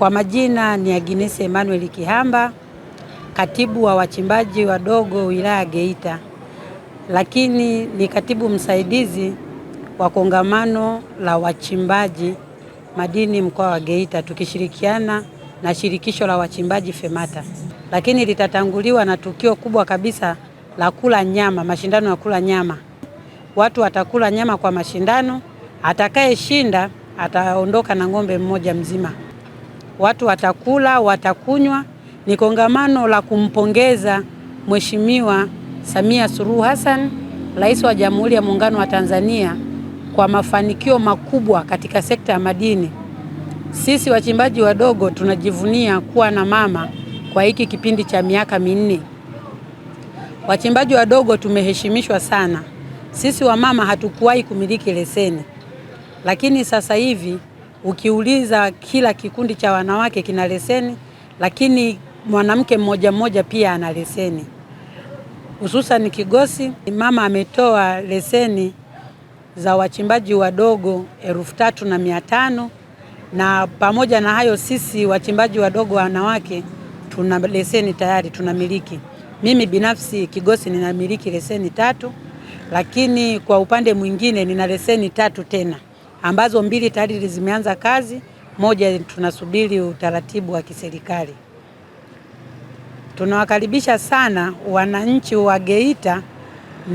Kwa majina ni Agnes Emmanuel Kihamba, katibu wa wachimbaji wadogo wilaya ya Geita, lakini ni katibu msaidizi wa kongamano la wachimbaji madini mkoa wa Geita, tukishirikiana na shirikisho la wachimbaji FEMATA, lakini litatanguliwa na tukio kubwa kabisa la kula nyama, mashindano ya kula nyama. Watu watakula nyama kwa mashindano, atakayeshinda ataondoka na ng'ombe mmoja mzima watu watakula, watakunywa. Ni kongamano la kumpongeza Mheshimiwa Samia Suluhu Hassan, Rais wa Jamhuri ya Muungano wa Tanzania kwa mafanikio makubwa katika sekta ya madini. Sisi wachimbaji wadogo tunajivunia kuwa na mama kwa hiki kipindi cha miaka minne. Wachimbaji wadogo tumeheshimishwa sana. Sisi wamama hatukuwahi kumiliki leseni, lakini sasa hivi ukiuliza kila kikundi cha wanawake kina leseni, lakini mwanamke mmoja mmoja pia ana leseni, hususan Kigosi. Mama ametoa leseni za wachimbaji wadogo elfu tatu na mia tano na pamoja na hayo, sisi wachimbaji wadogo wanawake tuna leseni tayari tunamiliki. Mimi binafsi Kigosi ninamiliki leseni tatu, lakini kwa upande mwingine nina leseni tatu tena ambazo mbili tayari zimeanza kazi, moja tunasubiri utaratibu wa kiserikali. Tunawakaribisha sana wananchi wa Geita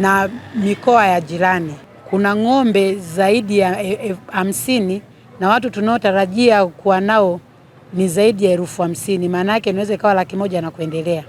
na mikoa ya jirani. Kuna ng'ombe zaidi ya e, e, hamsini na watu tunaotarajia kuwa nao ni zaidi ya elfu hamsini. Maana yake inaweza ikawa laki moja na kuendelea.